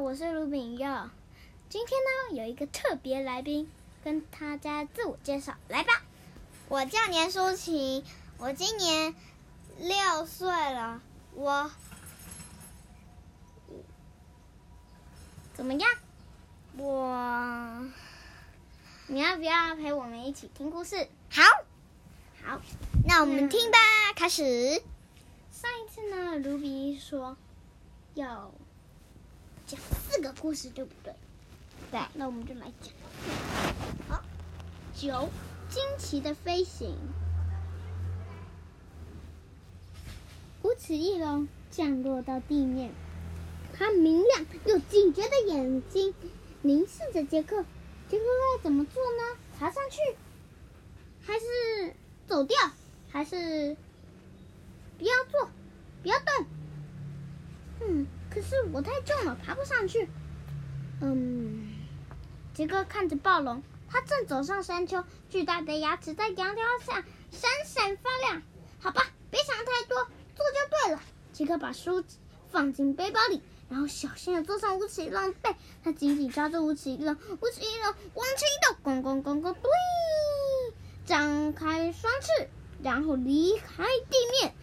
我是盧炳耀，今天呢，有一個特別來賓，跟大家自我介紹，來吧。我叫年書琴。我今年六歲了，我怎麼樣？我你要不要陪我們一起聽故事？好，好，嗯，那我們聽吧，開始。上一次呢，魯比說有。Yo. 講四個故事，對不對？對，那我們就來講。好，九，驚奇的飛行。無齒翼龍降落到地面，它明亮又警覺的眼睛凝視着杰克。傑克要怎麼做呢？爬上去，還是走掉，還是不要做，不要動。嗯。可是我太重了，爬不上去。嗯，傑克看着暴龍，它正走上山丘，巨大的牙齒在陽光下閃閃發亮。好吧，別想太多，做就對了。傑克把書放進背包裡，然後小心的坐上無齒翼龍背。他緊緊抓住無齒翼龍，無齒翼龍，往前一動，滾滾滾滾，對，張開雙翅，然後離開地面。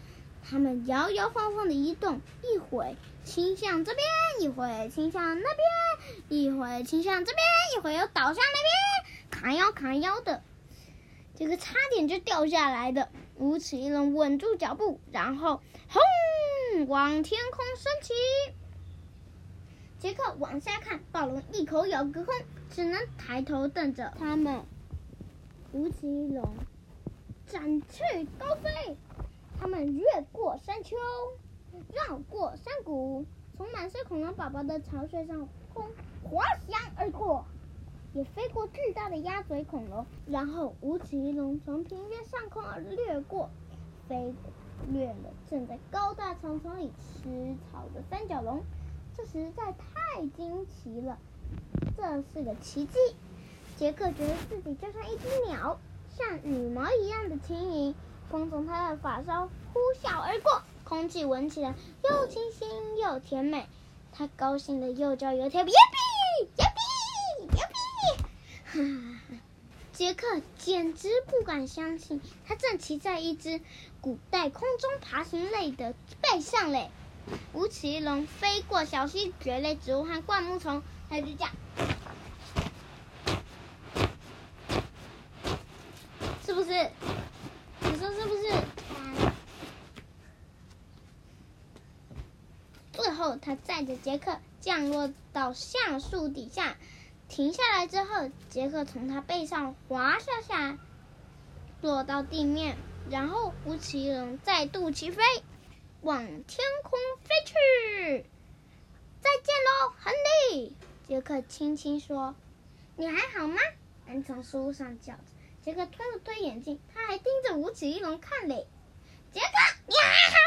他們搖搖晃晃的移動，一會傾向這邊，一會傾向那邊，一會傾向這邊，一會又倒向那邊，砍腰砍腰的。這個差點就掉下來的，無齒翼龍穩住腳步，然後轟往天空升起。杰克往下看，暴龍一口咬個空，只能抬頭瞪着他們。無齒翼龍展翅高飛。他們越過山丘，繞過山谷，從滿是恐龍寶寶的巢穴上空滑翔而過，也飛過巨大的鴨嘴恐龍。然後，無齒翼龍從平原上空而掠過，飛掠了正在高大草叢裡吃草的三角龍。這實在太驚奇了，這是個奇蹟。傑克覺得自己就像一隻鳥，像羽毛一樣的輕盈。風從他的髮梢呼嘯而過，空氣聞起來又清新又甜美。嗯。他高興的又叫又跳，呀比呀比呀比！哈哈，傑克簡直不敢相信，他正騎在一隻古代空中爬行類的背上嘞。無齒翼龍飛過小溪、蕨類植物和灌木叢，他就這樣，是不是？他載着傑克降落到橡樹底下，停下來之後，傑克從他背上滑下下來，落到地面，然後無齒翼龍再度起飛，往天空飛去。再見嘍，亨利！傑克輕輕說：“你還好嗎？”安從樹上叫着。傑克推了推眼鏡，他還盯着無齒翼龍看嘞。傑克，你還好？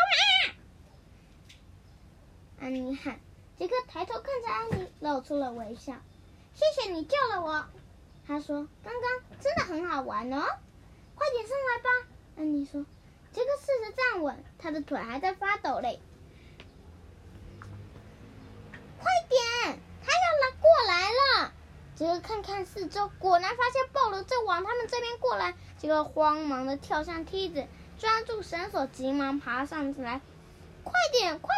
安妮喊：“傑克，抬頭看着安妮，露出了微笑。謝謝你救了我。”他說：“剛剛真的很好玩哦。”“快點上來吧。”安妮說。“傑克試着站穩，他的腿還在發抖嘞。”“快點，他要來過來了！”傑克看看四周，果然發現暴龍正往他們這邊過來。傑克慌忙的跳上梯子，抓住繩索，急忙爬上來。快點，快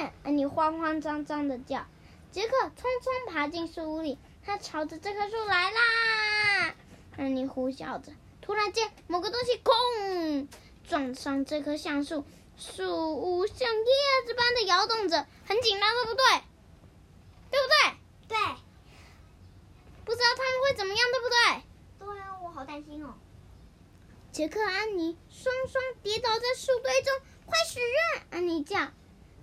點！安妮慌慌張張地叫。傑克匆匆爬進樹屋裡，他朝着這棵樹來啦！安妮呼嘯着。突然間，某個東西“砰”撞上這棵橡樹，樹屋像葉子般的搖動着，很緊張，對不對？對不對？對。不知道他們會怎麼樣，對不對？對啊，我好擔心哦。傑克、安妮雙雙雙跌倒在樹堆中。快許願！安妮叫。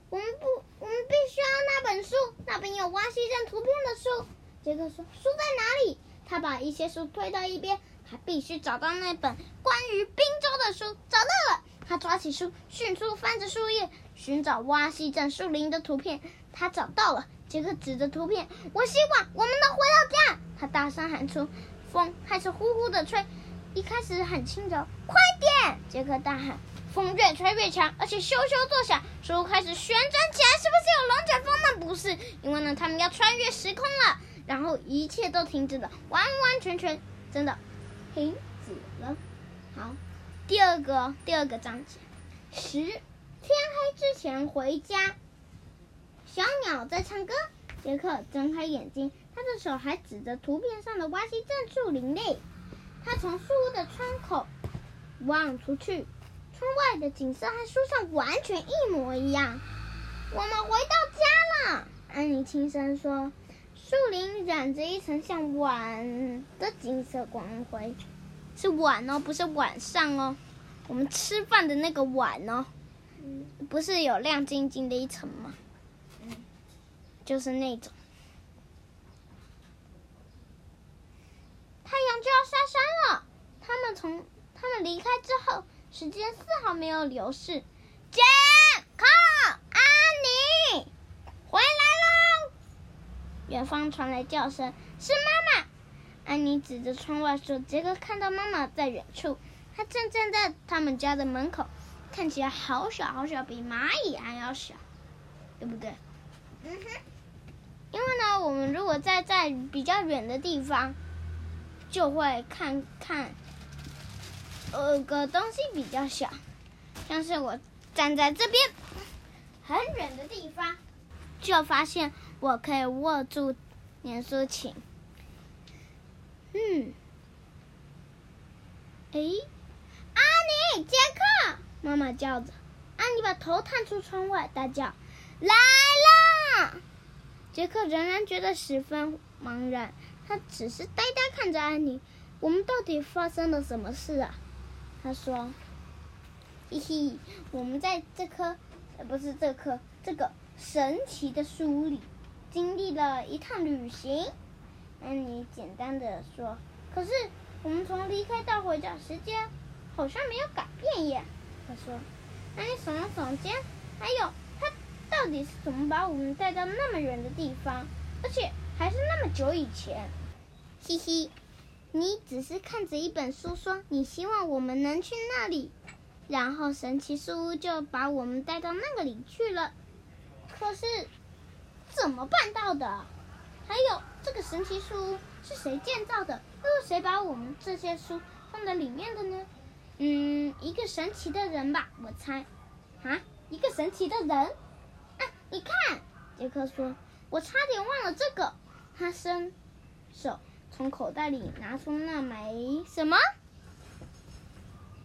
我們不，我們必須要那本書，那本有蛙溪鎮圖片的書。傑克說：“書在哪裡？”他把一些書推到一邊，還必須找到那本關於賓州的書。找到了！他抓起書，迅速翻着書頁，尋找蛙溪鎮樹林的圖片。他找到了。傑克指着圖片：“我希望我們能回到家！”他大聲喊出。風開始呼呼地吹，一開始很輕柔。快點！傑克大喊。風越吹越強，而且咻咻作響，樹屋開始旋轉起來。是不是有龍捲風呢？不是，因為呢，他們要穿越時空了。然後一切都停止了，完完全全，真的停止了。好，第二個第二個章節，十，天黑之前回家。小鳥在唱歌。傑克睜開眼睛，他的手還指着圖片上的蛙溪鎮樹林裡。他從樹屋的窗口望出去。窗外的景色和書上完全一模一樣。我們回到家了，安妮輕聲說：“樹林染着一層像碗的金色光輝，是碗哦，不是晚上哦。我們吃飯的那個碗哦，不是有亮晶晶的一層嗎？嗯，就是那種。太陽就要下山了。他們從他們離開之後。”時間絲毫沒有流逝，傑克，安妮，回來嘍！遠方傳來叫聲，是媽媽。安妮指着窗外說：“傑克，看到媽媽在遠處，她正站在他們家的門口，看起來好小好小，比螞蟻還要小，對不對？”嗯哼。因為呢，我們如果在在比較遠的地方，就會看看。呃，個東西比較小，但是我站在這邊很遠的地方，就發現我可以握住年書琴。嗯，誒，安妮，傑克，媽媽叫着，安妮把頭探出窗外，大叫：“來了！”傑克仍然覺得十分茫然，他只是呆呆看着安妮。我們到底發生了什麼事啊？他說：“嘻嘻，我們在這棵……呃，不是這棵，這個神奇的樹屋裡，經歷了一趟旅行。嗯”安妮簡單的說：“可是我們從離開到回家，時間好像沒有改變耶。”他說：“安妮聳了聳肩，還有他到底是怎麼把我們帶到那麼遠的地方，而且還是那麼久以前？”嘻嘻。你只是看着一本書，說你希望我們能去那裡，然後神奇樹屋就把我們帶到那個裡去了。可是，怎麼辦到的？還有這個神奇樹屋是誰建造的？又是誰把我們這些書放在裡面的呢？嗯，一個神奇的人吧，我猜。啊，一個神奇的人。啊，你看，傑克說，我差點忘了這個。他伸手。從口袋裡拿出那枚什麼，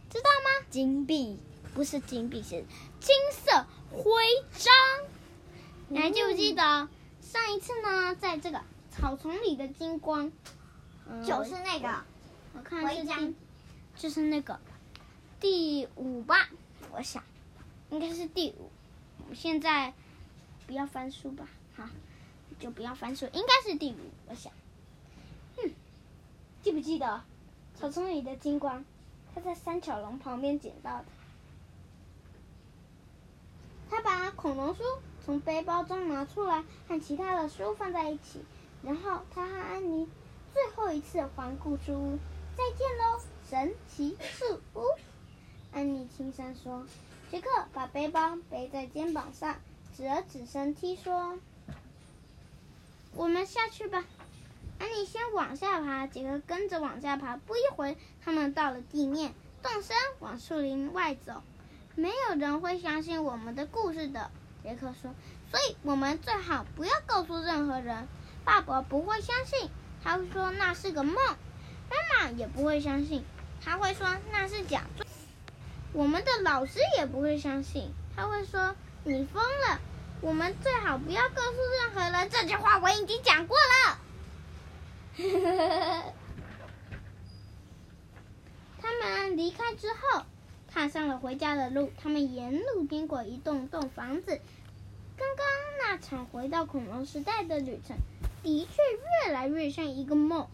知道嗎？金幣不是金幣，是金色徽章。嗯，你還記不記得上一次呢？在這個草叢裡的金光，嗯，就是那個。我，我看我一下。就是那個第五吧。我想應該是第五。我現在不要翻書吧，好，就不要翻書，應該是第五。我想。記不記得草叢裡的金光？他在三角龍旁邊撿到的。他把恐龍書從背包中拿出來，和其他的書放在一起。然後他和安妮最後一次環顧樹屋，再見嘍，神奇樹屋！安妮輕聲說：“傑克，把背包背在肩膀上，指了指樓梯說：‘我們下去吧。’”你先往下爬，傑克跟着往下爬。不一會他們到了地面，動身往樹林外走。沒有人會相信我們的故事的，傑克說。所以我們最好不要告訴任何人。爸爸不會相信，他會說那是個夢。媽媽也不會相信，他會說那是假的。我們的老師也不會相信，他會說你瘋了。我們最好不要告訴任何人。這句話我已經講過了。 他們離開之後，踏上了回家的路。他們沿路經過一棟棟房子。剛剛那場回到恐龍時代的旅程，的確越來越像一個夢。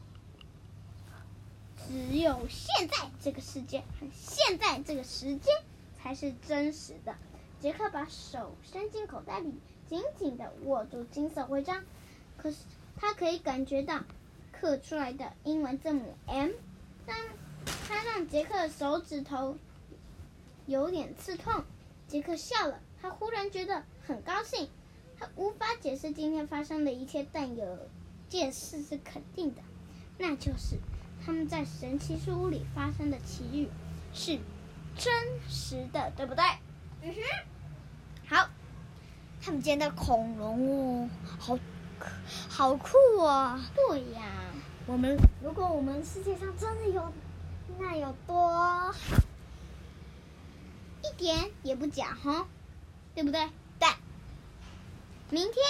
只有現在這個世界，和現在這個時間，才是真實的。傑克把手伸進口袋裡，緊緊的握住金色徽章。可是他可以感覺到。刻出來的英文字母 M，讓他讓杰克手指頭有點刺痛。杰克笑了，他忽然覺得很高興。他無法解釋今天發生的一切，但有件事是肯定的，那就是他們在神奇樹屋裡發生的奇遇是真實的，對不對？嗯哼，好，他們見的恐龍哦，好，好酷哦。對呀。我們，如果我們世界上真的有，那有多好？一點也不假哈，對不對？對。明天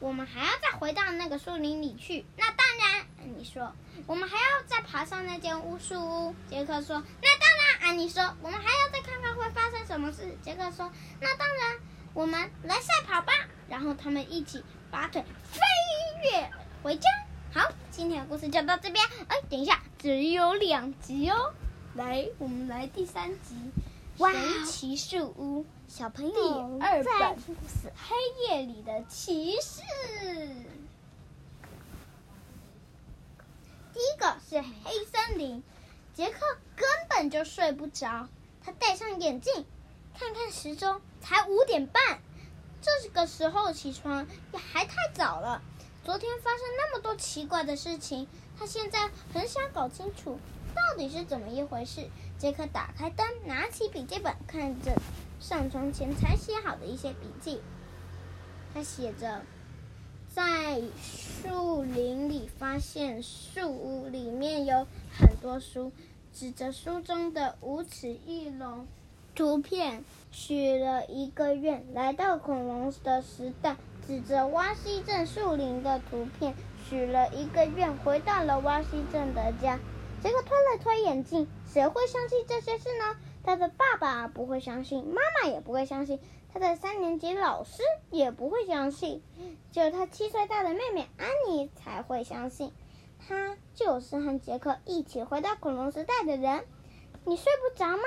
我們還要再回到那個樹林裡去。那當然，安妮說。我們還要再爬上那間巫術屋。傑克說。那當然、啊，安妮說。我們還要再看看會發生什麼事。傑克說。那當然，我們來賽跑吧。然後他們一起拔腿飛躍回家。好，今天的故事就到這邊。哎，等一下，只有兩集哦。來，我們來第三集《神、wow, 奇樹屋》，小朋友第二本《黑夜裡的騎士》。第一個是黑森林，傑克根本就睡不着。他戴上眼鏡，看看時鐘，才五點半。這個時候起床也還太早了。昨天發生那麼多奇怪的事情，他現在很想搞清楚到底是怎麼一回事。傑克打開燈，拿起筆記本，看着上床前才寫好的一些筆記。他寫着：“在樹林裡發現樹屋，裡面有很多書。指着書中的無齒翼龍圖片，許了一個願，來到恐龍的時代。”指着挖西鎮樹林的圖片，許了一個願，回到了挖西鎮的家。傑克推了推眼鏡，誰會相信這些事呢？他的爸爸不會相信，媽媽也不會相信，他的三年級老師也不會相信，只有他七歲大的妹妹安妮才會相信。他就是和傑克一起回到恐龍時代的人。你睡不着嗎？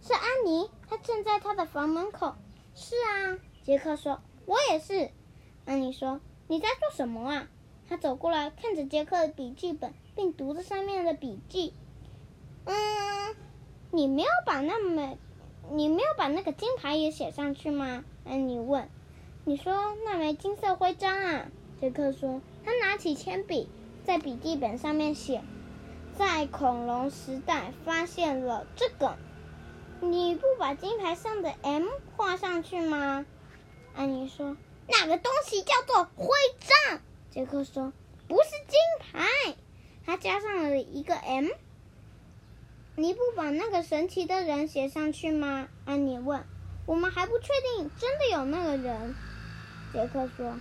是安妮，她正在她的房門口。是啊，傑克說，我也是。安妮說：“你在做什麼啊？”她走過來看着杰克的筆記本，並讀着上面的筆記。“嗯，你沒有把那麼，你沒有把那個金牌也寫上去嗎？”安妮問。“你說那枚金色徽章啊？”杰克說。他拿起鉛筆，在筆記本上面寫：“在恐龍時代發現了這個。”“你不把金牌上的 M 畫上去嗎？”安妮說。那個東西叫做徽章，傑克說，不是金牌。他加上了一個 M。你不把那個神奇的人寫上去嗎？安妮問。我們還不確定真的有那個人，傑克說。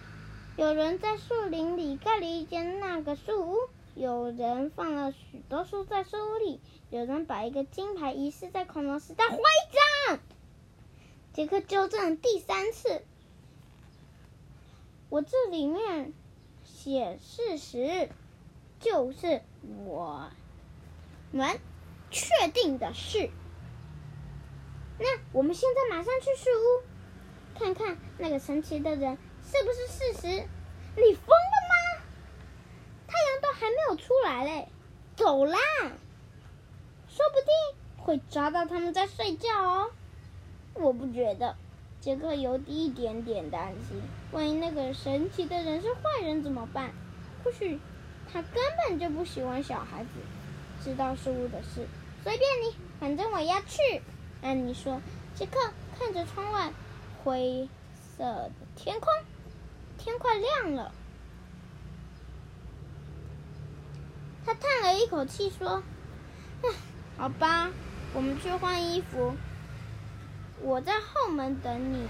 有人在樹林裡蓋了一間那個樹屋，有人放了許多書在樹屋裡，有人把一個金牌遺失在恐龍時代。徽章。傑克糾正第三次。我這裡面寫事實，就是我們確定的事。那我們現在馬上去樹屋，看看那個神奇的人是不是事實？你瘋了嗎？太陽都還沒有出來嘞，走啦！說不定會抓到他們在睡覺哦。我不覺得。傑克有一點點擔心，萬一那個神奇的人是壞人怎麼辦？或許他根本就不喜歡小孩子。知道事物的事，隨便你，反正我要去。安妮說。杰克看着窗外灰色的天空，天快亮了。他嘆了一口氣說：“唉，好吧，我們去換衣服。”我在後門等你，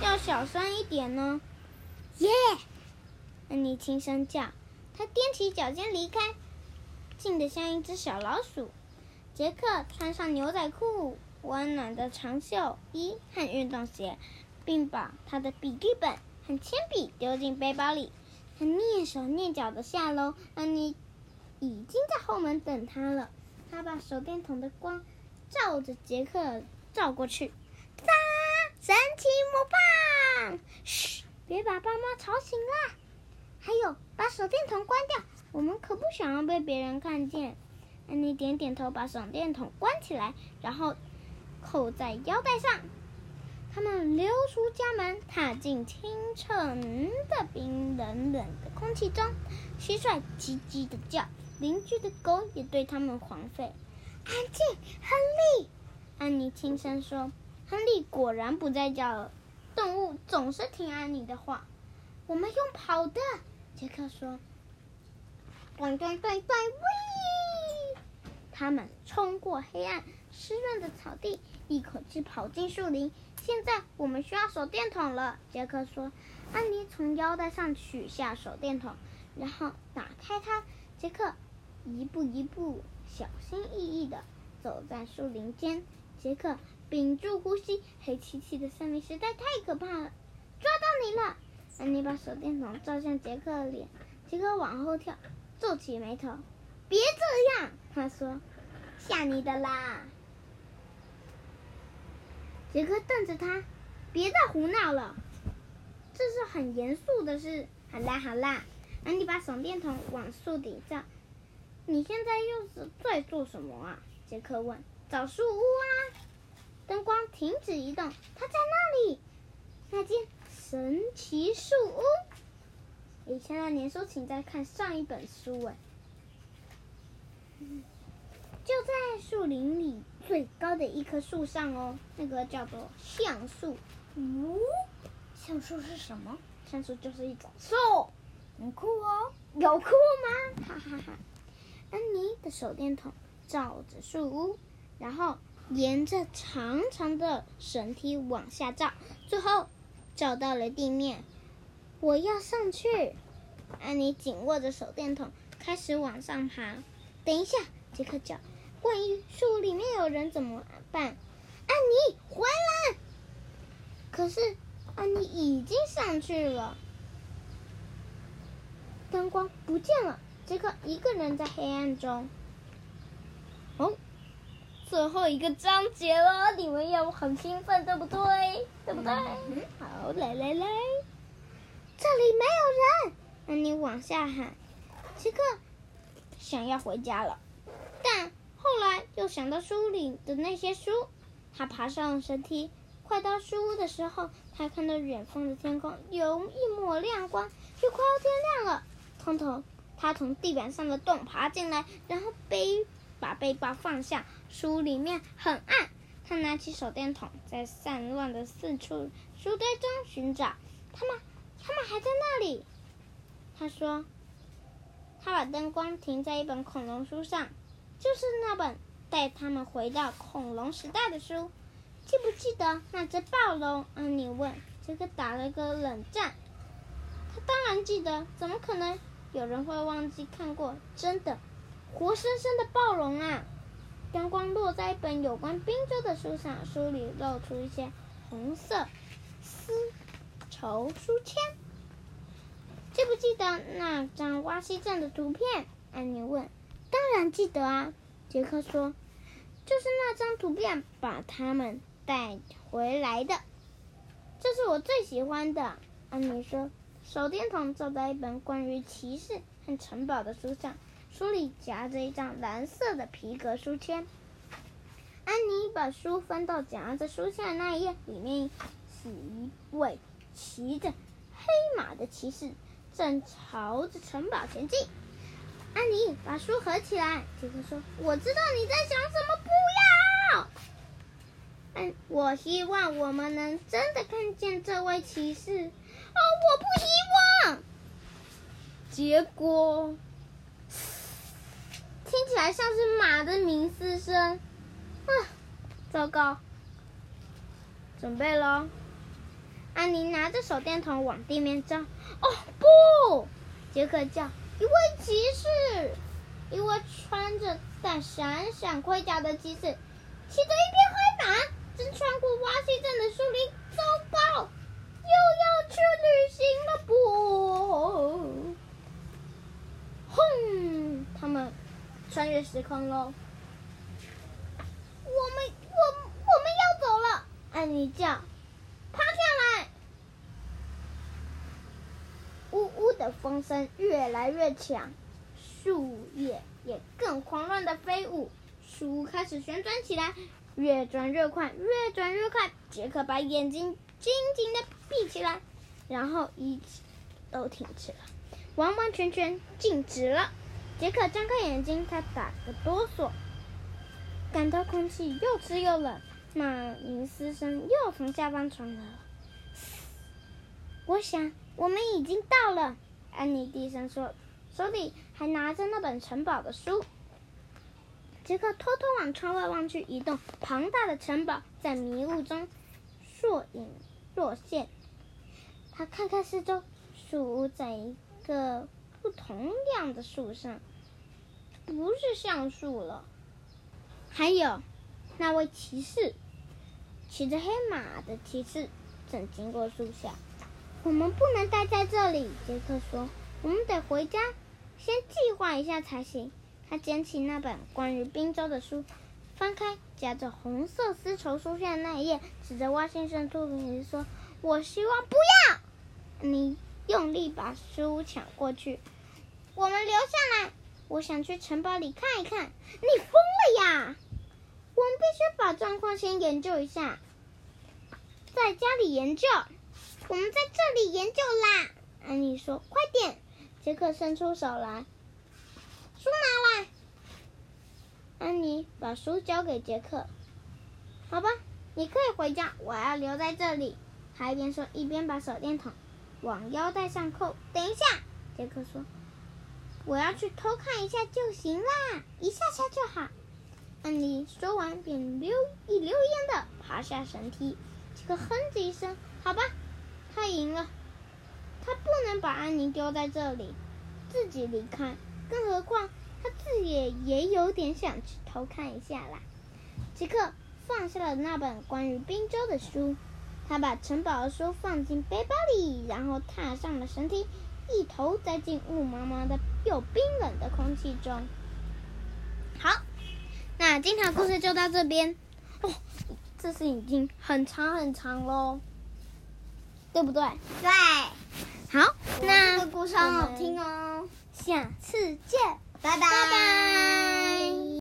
要小聲一點呢。耶、yeah!，安妮輕聲叫。她踮起腳尖離開，靜得像一隻小老鼠。杰克穿上牛仔褲、溫暖的長袖衣和運動鞋，並把他的筆記本和鉛筆丟進背包裡。他躡手躡腳地下樓，安妮已經在後門等他了。他把手電筒的光照着杰克照過去。神奇魔棒！噓，別把爸媽吵醒了。還有，把手電筒關掉，我們可不想要被別人看見。安妮點點頭，把手電筒關起來，然後扣在腰帶上。他們溜出家門，踏進清晨的冰冷，冷冷的空氣中。蟋蟀唧唧的叫，鄰居的狗也對他們狂吠。安靜，亨利。安妮輕聲說。亨利果然不在家了。動物總是聽安妮的話。我們用跑的，杰克說。嗯嗯嗯嗯嗯嗯、他們衝過黑暗、濕潤的草地，一口氣跑進樹林。現在我們需要手電筒了，杰克說。安妮從腰帶上取下手電筒，然後打開它。杰克一步一步小心翼翼的走在樹林間。杰克。屏住呼吸，黑漆漆的森林實在太可怕了。抓到你了！安妮把手電筒照向傑克的臉，傑克往後跳，皺起眉頭：“別這樣。”他說：“嚇你的啦。”傑克瞪着他：“別再胡鬧了，這是很嚴肅的事。”“好啦，好啦。”安妮把手電筒往樹頂照。“你現在又是在做什麼啊？”傑克問。“找樹屋啊。”燈光停止移動，它在那裡，那間神奇樹屋。哎、欸，現在連說，請再看上一本書。哎，就在樹林裡最高的一棵樹上哦，那個叫做橡樹。嗯，橡樹是什麼？橡樹就是一種樹，很酷哦。有酷嗎？哈哈哈，哈。安妮的手電筒照着樹屋，然後。沿着長長的繩梯往下照，最後照到了地面。我要上去！安妮緊握着手電筒，開始往上爬。等一下，傑克叫：“萬一樹裡面有人怎麼辦？”安妮，回來！可是安妮已經上去了，燈光不見了。傑克一個人在黑暗中。哦。最後一個章節了，你們要很興奮，對不對？對不對？嗯、好嘞，來嘞！這裡沒有人，安妮往下喊：“傑克，想要回家了。”但後來又想到書裡的那些書，他爬上了繩梯。快到書屋的時候，他看到遠方的天空有一抹亮光，就快要天亮了。通通，他從地板上的洞爬進來，然後背把背包放下。書裡面很暗，他拿起手電筒，在散亂的四處書堆中尋找。他們，他們還在那裡。他說。他把燈光停在一本恐龍書上，就是那本帶他們回到恐龍時代的書。記不記得那只暴龍？安妮問。傑克打了個冷戰。他當然記得，怎麼可能有人會忘記看過？真的，活生生的暴龍啊！陽光落在一本有關賓州的書上，書裡露出一些紅色絲綢書籤。記不記得那張蛙溪鎮的圖片？安妮問。當然記得啊，傑克說。就是那張圖片把他們帶回來的。這是我最喜歡的，安妮說。手電筒照在一本關於騎士和城堡的書上。書裡夾着一張藍色的皮革書籤。安妮把書翻到夾着書籤的那一頁，裡面是一位騎着黑馬的騎士，正朝着城堡前進。安妮把書合起來，傑克說：“我知道你在想什麼，不要。”安，我希望我們能真的看見這位騎士。哦，我不希望。結果。聽起來像是馬的鳴嘶聲，啊！糟糕！準備咯，安妮拿着手電筒往地面照。哦不！傑克叫：“一位騎士，一位穿着帶閃閃盔甲的騎士，騎着一匹黑馬，正穿過蛙溪鎮的樹林。”糟糕！又要去旅行了不？轟！穿越時空咯我們，我們，我們要走了。安妮叫，趴下來！嗚嗚的風聲越來越強，樹葉也，也更狂亂的飛舞。樹開始旋轉起來，越轉越快，越轉越快。傑克把眼睛緊緊的閉起來，然後一切都停止了，完完全全靜止了。傑克睜開眼睛，他打個哆嗦，感到空氣又濕又冷。那吟詩聲又從下方傳來了。我想，我們已經到了。安妮低聲說，手裡還拿着那本城堡的書。傑克偷偷往窗外望去，一棟龐大的城堡在迷霧中若隱若現。他看看四周，樹屋在一個。不同樣的樹上，不是橡樹了。還有，那位騎士，騎着黑馬的騎士正經過樹下。我們不能待在這裡，傑克說。我們得回家，先計劃一下才行。他撿起那本關於賓州的書，翻開夾着紅色絲綢書籤的那一頁，指着蛙先生禿鼻子說：“我希望不要。”你用力把書搶過去。我們留下來，我想去城堡裡看一看。你瘋了呀！我們必須把狀況先研究一下，在家裡研究。我們在這裡研究啦。安妮說：“快點！”傑克伸出手來，書拿來。安妮把書交給傑克。好吧，你可以回家，我要留在這裡。他一邊說一邊把手電筒往腰帶上扣。等一下，傑克說。我要去偷看一下就行啦，一下下就好。安妮說完，便溜一溜煙的爬下繩梯。傑克哼唧一聲：“好吧，他贏了。他不能把安妮丟在這裡，自己離開。更何況他自己也有點想去偷看一下啦。”傑克放下了那本關於賓州的書，他把城堡的書放進背包裡，然後踏上了繩梯。一頭栽進霧茫茫的又冰冷的空氣中。好，那今天的故事就到這邊。哦，這是已經很長很長咯，對不對？對。好，那這個故事很好聽哦。下次見，拜拜。拜拜